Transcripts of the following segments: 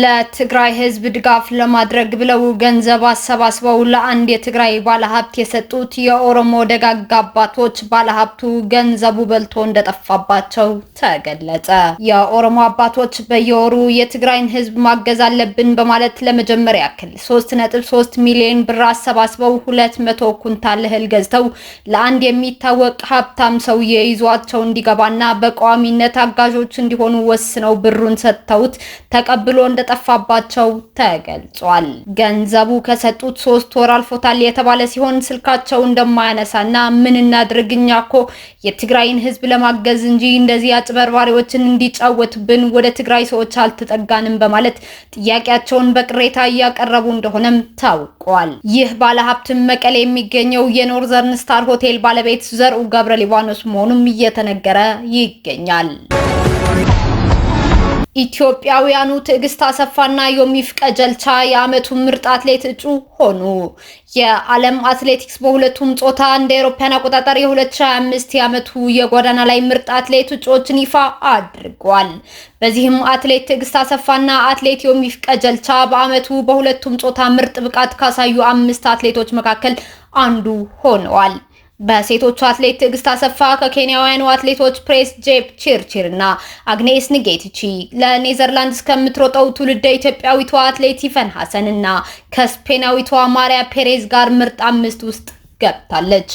ለትግራይ ህዝብ ድጋፍ ለማድረግ ብለው ገንዘብ አሰባስበው ለአንድ የትግራይ ባለሀብት የሰጡት የኦሮሞ ደጋግ አባቶች ባለሀብቱ ገንዘቡ በልቶ እንደጠፋባቸው ተገለጸ። የኦሮሞ አባቶች በየወሩ የትግራይን ህዝብ ማገዝ አለብን በማለት ለመጀመሪያ ያክል 3.3 ሚሊዮን ብር አሰባስበው 200 ኩንታል እህል ገዝተው ለአንድ የሚታወቅ ሀብታም ሰውዬ ይዟቸው እንዲገባና በቋሚነት አጋዦች እንዲሆኑ ወስነው ብሩን ሰጥተውት ተቀብሎ እንደ እንደጠፋባቸው ተገልጿል። ገንዘቡ ከሰጡት ሶስት ወር አልፎታል የተባለ ሲሆን ስልካቸው እንደማያነሳና ምን እናድርግ እኛ እኮ የትግራይን ህዝብ ለማገዝ እንጂ እንደዚህ አጭበርባሪዎችን እንዲጫወትብን ወደ ትግራይ ሰዎች አልተጠጋንም በማለት ጥያቄያቸውን በቅሬታ እያቀረቡ እንደሆነም ታውቋል። ይህ ባለሀብትም መቀሌ የሚገኘው የኖርዘርን ስታር ሆቴል ባለቤት ዘርኡ ገብረ ሊባኖስ መሆኑም እየተነገረ ይገኛል። ኢትዮጵያውያኑ ትዕግስት አሰፋና ዮሚፍ ቀጀልቻ የአመቱ ምርጥ አትሌት እጩ ሆኑ። የዓለም አትሌቲክስ በሁለቱም ጾታ እንደ አውሮፓውያን አቆጣጠር የ2025 የዓመቱ የጎዳና ላይ ምርጥ አትሌት እጩዎችን ይፋ አድርጓል። በዚህም አትሌት ትዕግስት አሰፋና አትሌት ዮሚፍ ቀጀልቻ በዓመቱ በሁለቱም ጾታ ምርጥ ብቃት ካሳዩ አምስት አትሌቶች መካከል አንዱ ሆነዋል። በሴቶቹ አትሌት ትዕግስት አሰፋ ከኬንያውያኑ አትሌቶች ፕሬስ ጄፕ ቺርቺር እና አግኔስ ንጌትቺ ለኔዘርላንድ እስከምትሮጠው ትውልደ ኢትዮጵያዊቷ አትሌት ይፈን ሀሰን እና ከስፔናዊቷ ማሪያ ፔሬዝ ጋር ምርጥ አምስት ውስጥ ገብታለች።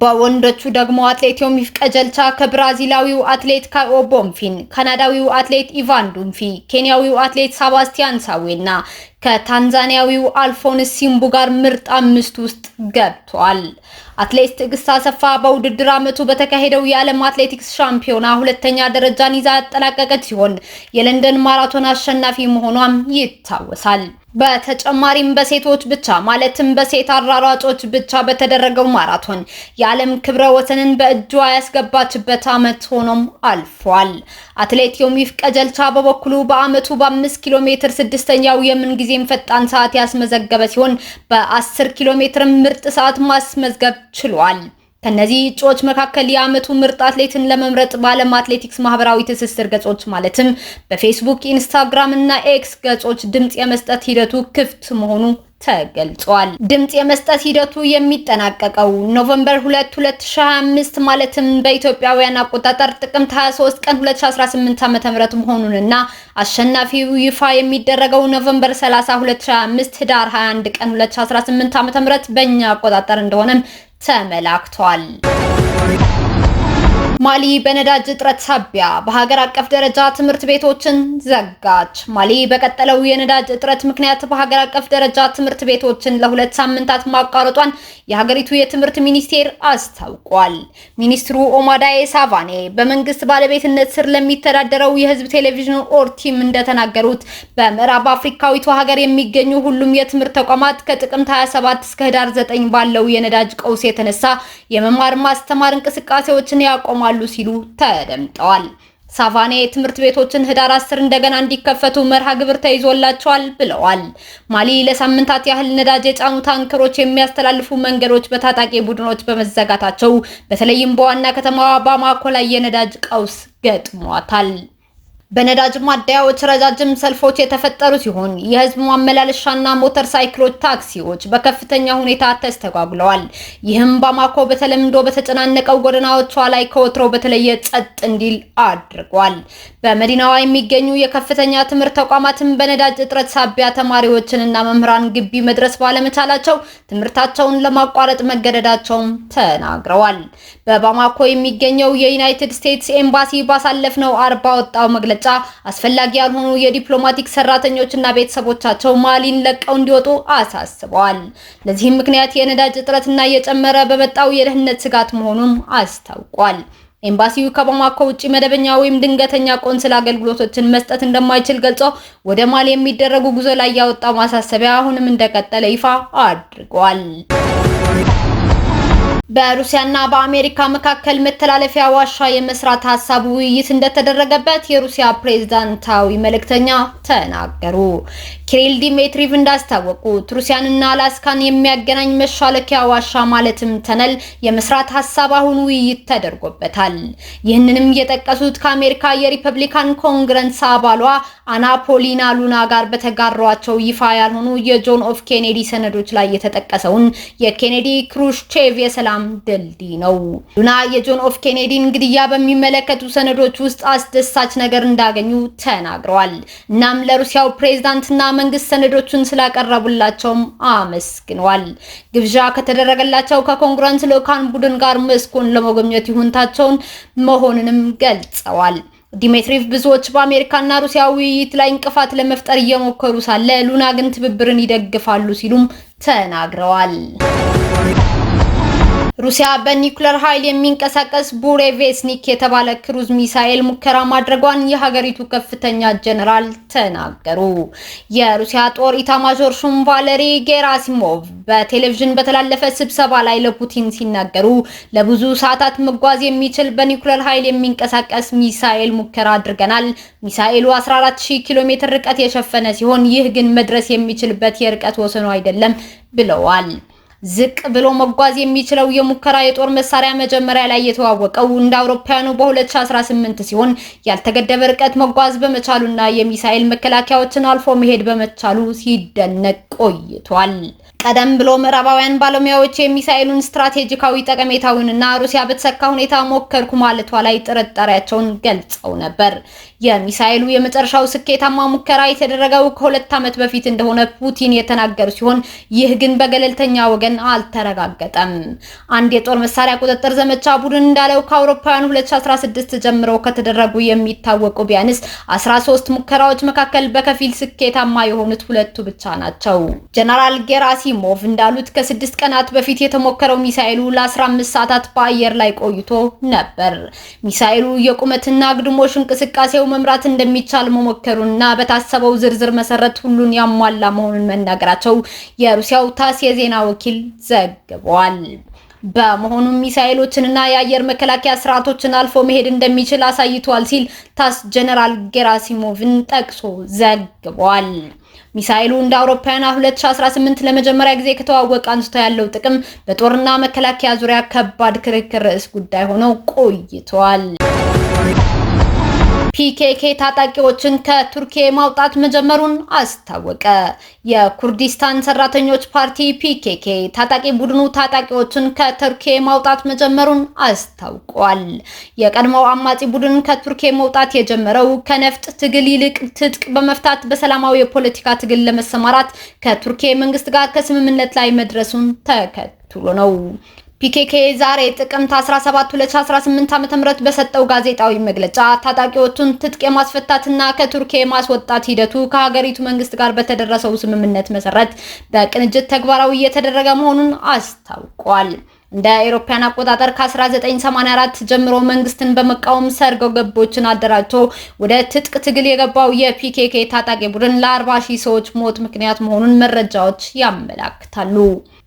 በወንዶቹ ደግሞ አትሌት ዮሚፍ ቀጀልቻ ከብራዚላዊው አትሌት ካዮ ቦምፊን፣ ካናዳዊው አትሌት ኢቫን ዱምፊ፣ ኬንያዊው አትሌት ሳባስቲያን ሳዌና ከታንዛኒያዊው አልፎንስ ሲምቡ ጋር ምርጥ አምስት ውስጥ ገብቷል። አትሌት ትዕግስት አሰፋ በውድድር ዓመቱ በተካሄደው የዓለም አትሌቲክስ ሻምፒዮና ሁለተኛ ደረጃን ይዛ ያጠናቀቀች ሲሆን የለንደን ማራቶን አሸናፊ መሆኗም ይታወሳል። በተጨማሪም በሴቶች ብቻ ማለትም በሴት አራራጮች ብቻ በተደረገው ማራቶን የዓለም ክብረ ወሰንን በእጇ ያስገባችበት ዓመት ሆኖም አልፏል። አትሌት ዮሚፍ ቀጀልቻ በበኩሉ በዓመቱ በአምስት ኪሎ ሜትር ስድስተኛው ጊዜም ፈጣን ሰዓት ያስመዘገበ ሲሆን በአስር ኪሎ ሜትር ምርጥ ሰዓት ማስመዝገብ ችሏል። ከነዚህ እጩዎች መካከል የአመቱ ምርጥ አትሌትን ለመምረጥ በዓለም አትሌቲክስ ማህበራዊ ትስስር ገጾች ማለትም በፌስቡክ፣ ኢንስታግራም እና ኤክስ ገጾች ድምፅ የመስጠት ሂደቱ ክፍት መሆኑ ተገልጿል። ድምፅ የመስጠት ሂደቱ የሚጠናቀቀው ኖቨምበር 2 2025 ማለትም በኢትዮጵያውያን አቆጣጠር ጥቅምት 23 ቀን 2018 ዓ.ም መሆኑንና አሸናፊው ይፋ የሚደረገው ኖቨምበር 30 2025 ህዳር 21 ቀን 2018 ዓ.ም በእኛ አቆጣጠር እንደሆነም ተመላክቷል። ማሊ በነዳጅ እጥረት ሳቢያ በሀገር አቀፍ ደረጃ ትምህርት ቤቶችን ዘጋች። ማሊ በቀጠለው የነዳጅ እጥረት ምክንያት በሀገር አቀፍ ደረጃ ትምህርት ቤቶችን ለሁለት ሳምንታት ማቋረጧን የሀገሪቱ የትምህርት ሚኒስቴር አስታውቋል። ሚኒስትሩ ኦማዳዬ ሳቫኔ በመንግስት ባለቤትነት ስር ለሚተዳደረው የህዝብ ቴሌቪዥን ኦርቲም እንደተናገሩት በምዕራብ አፍሪካዊቱ ሀገር የሚገኙ ሁሉም የትምህርት ተቋማት ከጥቅምት 27 እስከ ህዳር 9 ባለው የነዳጅ ቀውስ የተነሳ የመማር ማስተማር እንቅስቃሴዎችን ያቆማል ይቆማሉ ሲሉ ተደምጠዋል። ሳቫኔ ትምህርት ቤቶችን ህዳር አስር እንደገና እንዲከፈቱ መርሃ ግብር ተይዞላቸዋል ብለዋል። ማሊ ለሳምንታት ያህል ነዳጅ የጫኑ ታንከሮች የሚያስተላልፉ መንገዶች በታጣቂ ቡድኖች በመዘጋታቸው በተለይም በዋና ከተማዋ ባማኮ ላይ የነዳጅ ቀውስ ገጥሟታል። በነዳጅ ማደያዎች ረጃጅም ሰልፎች የተፈጠሩ ሲሆን የህዝብ ማመላለሻና ሞተር ሳይክሎች ታክሲዎች በከፍተኛ ሁኔታ ተስተጓጉለዋል። ይህም ባማኮ በተለምዶ በተጨናነቀው ጎዳናዎቿ ላይ ከወትሮ በተለየ ጸጥ እንዲል አድርጓል። በመዲናዋ የሚገኙ የከፍተኛ ትምህርት ተቋማትን በነዳጅ እጥረት ሳቢያ ተማሪዎችንና መምህራን ግቢ መድረስ ባለመቻላቸው ትምህርታቸውን ለማቋረጥ መገደዳቸውም ተናግረዋል። በባማኮ የሚገኘው የዩናይትድ ስቴትስ ኤምባሲ ባሳለፍነው አርባ ወጣው መግለጫ መግለጫ አስፈላጊ ያልሆኑ የዲፕሎማቲክ ሰራተኞችና ቤተሰቦቻቸው ማሊን ለቀው እንዲወጡ አሳስበዋል። ለዚህም ምክንያት የነዳጅ እጥረትና የጨመረ በመጣው የደህንነት ስጋት መሆኑን አስታውቋል። ኤምባሲው ከባማኮ ውጪ መደበኛ ወይም ድንገተኛ ቆንስል አገልግሎቶችን መስጠት እንደማይችል ገልጾ ወደ ማሊ የሚደረጉ ጉዞ ላይ ያወጣው ማሳሰቢያ አሁንም እንደቀጠለ ይፋ አድርጓል። በሩሲያና በአሜሪካ መካከል መተላለፊያ ዋሻ የመስራት ሀሳብ ውይይት እንደተደረገበት የሩሲያ ፕሬዝዳንታዊ መልእክተኛ ተናገሩ። ኪሪል ዲሜትሪቭ እንዳስታወቁት ሩሲያንና አላስካን የሚያገናኝ መሻለኪያ ዋሻ ማለትም ተነል የመስራት ሀሳብ አሁን ውይይት ተደርጎበታል። ይህንንም የጠቀሱት ከአሜሪካ የሪፐብሊካን ኮንግረስ አባሏ አናፖሊና ሉና ጋር በተጋሯቸው ይፋ ያልሆኑ የጆን ኦፍ ኬኔዲ ሰነዶች ላይ የተጠቀሰውን የኬኔዲ ክሩሽቼቭ የሰላም የሰላም ድልድይ ነው። ሉና የጆን ኦፍ ኬኔዲን ግድያ በሚመለከቱ ሰነዶች ውስጥ አስደሳች ነገር እንዳገኙ ተናግረዋል። እናም ለሩሲያው ፕሬዝዳንትና መንግስት ሰነዶቹን ስላቀረቡላቸውም አመስግነዋል። ግብዣ ከተደረገላቸው ከኮንግረስ ልዑካን ቡድን ጋር ሞስኮን ለመጎብኘት ይሁንታቸውን መሆንንም ገልጸዋል። ዲሜትሪቭ ብዙዎች በአሜሪካና ሩሲያ ውይይት ላይ እንቅፋት ለመፍጠር እየሞከሩ ሳለ ሉና ግን ትብብርን ይደግፋሉ ሲሉም ተናግረዋል። ሩሲያ በኒኩለር ኃይል የሚንቀሳቀስ ቡሬቬስኒክ የተባለ ክሩዝ ሚሳኤል ሙከራ ማድረጓን የሀገሪቱ ከፍተኛ ጀነራል ተናገሩ። የሩሲያ ጦር ኢታማዦር ሹም ቫለሪ ጌራሲሞቭ በቴሌቪዥን በተላለፈ ስብሰባ ላይ ለፑቲን ሲናገሩ ለብዙ ሰዓታት መጓዝ የሚችል በኒኩለር ኃይል የሚንቀሳቀስ ሚሳኤል ሙከራ አድርገናል። ሚሳኤሉ 140 ኪሎ ሜትር ርቀት የሸፈነ ሲሆን ይህ ግን መድረስ የሚችልበት የርቀት ወሰኑ አይደለም ብለዋል። ዝቅ ብሎ መጓዝ የሚችለው የሙከራ የጦር መሳሪያ መጀመሪያ ላይ የተዋወቀው እንደ አውሮፓውያኑ በ2018 ሲሆን ያልተገደበ ርቀት መጓዝ በመቻሉና የሚሳኤል መከላከያዎችን አልፎ መሄድ በመቻሉ ሲደነቅ ቆይቷል። ቀደም ብሎ ምዕራባውያን ባለሙያዎች የሚሳኤሉን ስትራቴጂካዊ ጠቀሜታውንና ሩሲያ በተሰካ ሁኔታ ሞከርኩ ማለቷ ላይ ጥርጣሬያቸውን ገልጸው ነበር። የሚሳኤሉ የመጨረሻው ስኬታማ ሙከራ የተደረገው ከሁለት ዓመት በፊት እንደሆነ ፑቲን የተናገሩ ሲሆን ይህ ግን በገለልተኛ ወገን አልተረጋገጠም። አንድ የጦር መሳሪያ ቁጥጥር ዘመቻ ቡድን እንዳለው ከአውሮፓውያን 2016 ጀምሮ ከተደረጉ የሚታወቁ ቢያንስ 13 ሙከራዎች መካከል በከፊል ስኬታማ የሆኑት ሁለቱ ብቻ ናቸው። ጀነራል ጌራሲ አኪሞቭ እንዳሉት ከስድስት ቀናት በፊት የተሞከረው ሚሳኤሉ ለ15 ሰዓታት በአየር ላይ ቆይቶ ነበር። ሚሳኤሉ የቁመትና ግድሞሽ እንቅስቃሴው መምራት እንደሚቻል መሞከሩና በታሰበው ዝርዝር መሰረት ሁሉን ያሟላ መሆኑን መናገራቸው የሩሲያው ታስ የዜና ወኪል ዘግቧል። በመሆኑም ሚሳኤሎችንና የአየር መከላከያ ስርዓቶችን አልፎ መሄድ እንደሚችል አሳይቷል ሲል ታስ ጀነራል ጌራሲሞቭን ጠቅሶ ዘግቧል። ሚሳኤሉ እንደ አውሮፓውያን 2018 ለመጀመሪያ ጊዜ ከተዋወቀ አንስቶ ያለው ጥቅም በጦርና መከላከያ ዙሪያ ከባድ ክርክር ርዕስ ጉዳይ ሆኖ ቆይቷል። ፒኬኬ ታጣቂዎችን ከቱርኪ ማውጣት መጀመሩን አስታወቀ። የኩርዲስታን ሰራተኞች ፓርቲ ፒኬኬ ታጣቂ ቡድኑ ታጣቂዎችን ከቱርኪ ማውጣት መጀመሩን አስታውቋል። የቀድሞው አማጺ ቡድን ከቱርኪ መውጣት የጀመረው ከነፍጥ ትግል ይልቅ ትጥቅ በመፍታት በሰላማዊ የፖለቲካ ትግል ለመሰማራት ከቱርኪ መንግስት ጋር ከስምምነት ላይ መድረሱን ተከትሎ ነው። ፒኬኬ ዛሬ ጥቅምት 17 2018 ዓ.ም በሰጠው ጋዜጣዊ መግለጫ ታጣቂዎቹን ትጥቅ የማስፈታትና ከቱርኪያ የማስወጣት ሂደቱ ከሀገሪቱ መንግስት ጋር በተደረሰው ስምምነት መሰረት በቅንጅት ተግባራዊ እየተደረገ መሆኑን አስታውቋል። እንደ አውሮፓውያን አቆጣጠር ከ1984 ጀምሮ መንግስትን በመቃወም ሰርጎ ገቦችን አደራጅቶ ወደ ትጥቅ ትግል የገባው የፒኬኬ ታጣቂ ቡድን ለ40 ሺህ ሰዎች ሞት ምክንያት መሆኑን መረጃዎች ያመላክታሉ።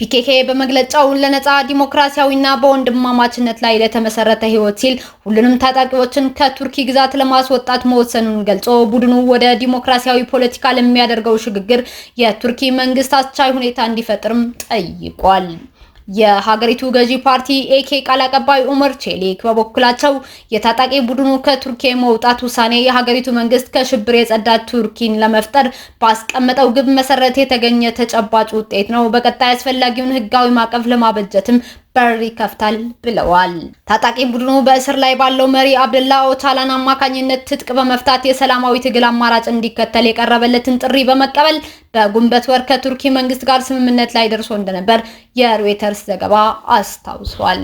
ፒኬኬ በመግለጫው ለነጻ ዲሞክራሲያዊና በወንድማማችነት ላይ ለተመሰረተ ህይወት ሲል ሁሉንም ታጣቂዎችን ከቱርኪ ግዛት ለማስወጣት መወሰኑን ገልጾ ቡድኑ ወደ ዲሞክራሲያዊ ፖለቲካ ለሚያደርገው ሽግግር የቱርኪ መንግስት አስቻይ ሁኔታ እንዲፈጥርም ጠይቋል። የሀገሪቱ ገዢ ፓርቲ ኤኬ ቃል አቀባይ ኡመር ቼሌክ በበኩላቸው የታጣቂ ቡድኑ ከቱርኪያ የመውጣት ውሳኔ የሀገሪቱ መንግስት ከሽብር የጸዳ ቱርኪን ለመፍጠር ባስቀመጠው ግብ መሰረት የተገኘ ተጨባጭ ውጤት ነው። በቀጣይ አስፈላጊውን ህጋዊ ማዕቀፍ ለማበጀትም በር ይከፍታል ብለዋል። ታጣቂ ቡድኑ በእስር ላይ ባለው መሪ አብደላ ኦቻላን አማካኝነት ትጥቅ በመፍታት የሰላማዊ ትግል አማራጭ እንዲከተል የቀረበለትን ጥሪ በመቀበል በጉንበት ወር ከቱርኪ መንግስት ጋር ስምምነት ላይ ደርሶ እንደነበር የሮይተርስ ዘገባ አስታውሷል።